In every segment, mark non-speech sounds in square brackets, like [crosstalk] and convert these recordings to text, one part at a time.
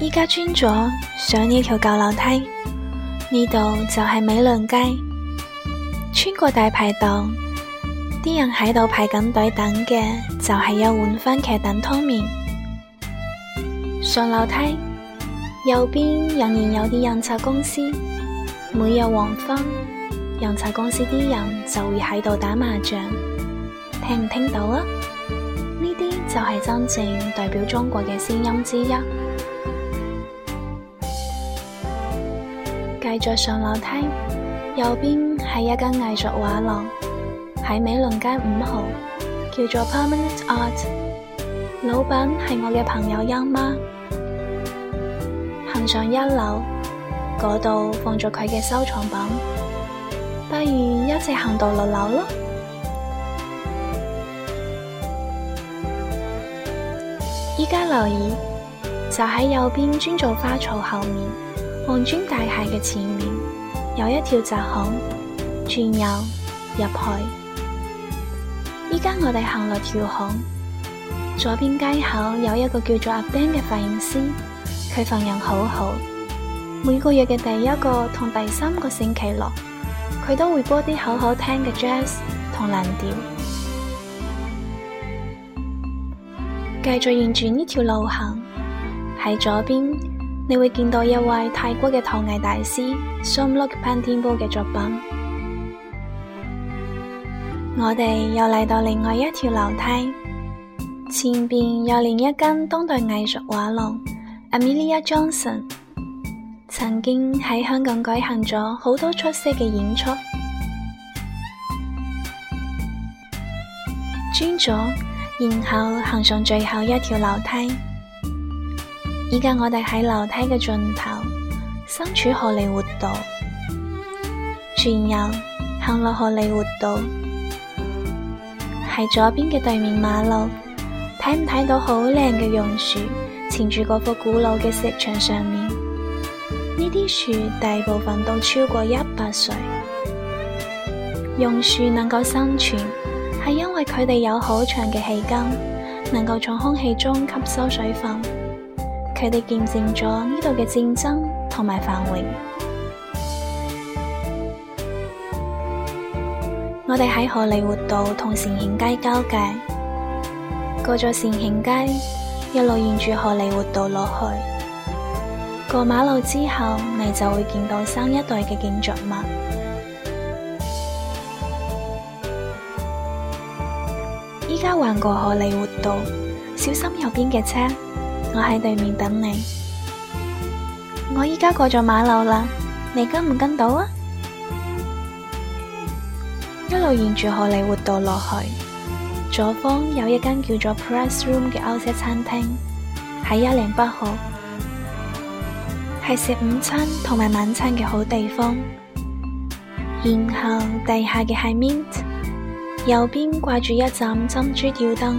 而家轉左上呢條舊樓梯，呢度就係美輪街。穿過大排檔，啲人喺度排緊隊等嘅就係一碗番茄蛋湯麵。上樓梯，右邊仍然有啲印刷公司。每日黃昏，印刷公司啲人就會喺度打麻將，聽唔聽到啊？呢啲就係真正代表中國嘅聲音之一。繼續上樓梯，右邊係一間藝術畫廊，喺美輪街五號，叫做 Permanent Art。老闆係我嘅朋友央媽。行上一樓，嗰度放咗佢嘅收藏品，不如一直行到六樓咯。依家留意，就喺右邊磚造花槽後面。黃磚大廈嘅前面有一條窄巷，轉右入去。依家我哋行落條巷，左邊街口有一個叫做阿 Ben 嘅髮型師，佢份人好好。每個月嘅第一個同第三個星期六，佢都會播啲好好聽嘅 jazz 同藍調。繼續沿住呢條路行，喺左邊。你會見到一位泰國嘅陶藝大師 Somluk Pantiboo 嘅作品。我哋又嚟到另外一條樓梯，前邊有另一間當代藝術畫廊 Amelia Johnson，曾經喺香港舉行咗好多出色嘅演出。轉左，然後行上最後一條樓梯。而家我哋喺樓梯嘅盡頭，身處荷李活道，轉右行落荷李活道，喺左邊嘅對面馬路，睇唔睇到好靚嘅榕樹纏住嗰幅古老嘅石牆上面？呢啲樹大部分都超過一百歲，榕樹能夠生存係因為佢哋有好長嘅氣根，能夠從空氣中吸收水分。佢哋見證咗呢度嘅戰爭同埋繁榮。 [music] 我哋喺荷里活道同善慶街交界，過咗善慶街，一路沿住荷里活道落去，過馬路之後，你就會見到新一代嘅建築物。依家橫過荷里活道，小心右邊嘅車。我喺對面等你，我而家過咗馬路啦，你跟唔跟到啊？一路沿住荷李活道落去，左方有一間叫做 Press Room 嘅歐式餐廳，喺一零八號，係食午餐同埋晚餐嘅好地方。然後地下嘅係 Mint，右邊掛住一盞珍珠吊燈。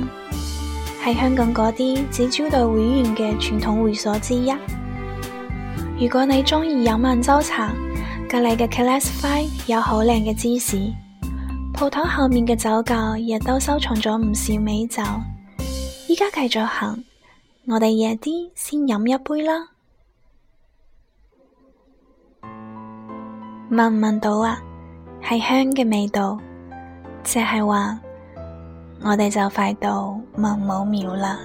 係香港嗰啲只招待會員嘅傳統會所之一。如果你鍾意飲晏晝茶，隔籬嘅 classified 有好靚嘅芝士。鋪頭後面嘅酒窖亦都收藏咗唔少美酒。依家繼續行，我哋夜啲先飲一杯啦。聞唔聞到啊？係香嘅味道，即係話。我哋就快到文武廟啦。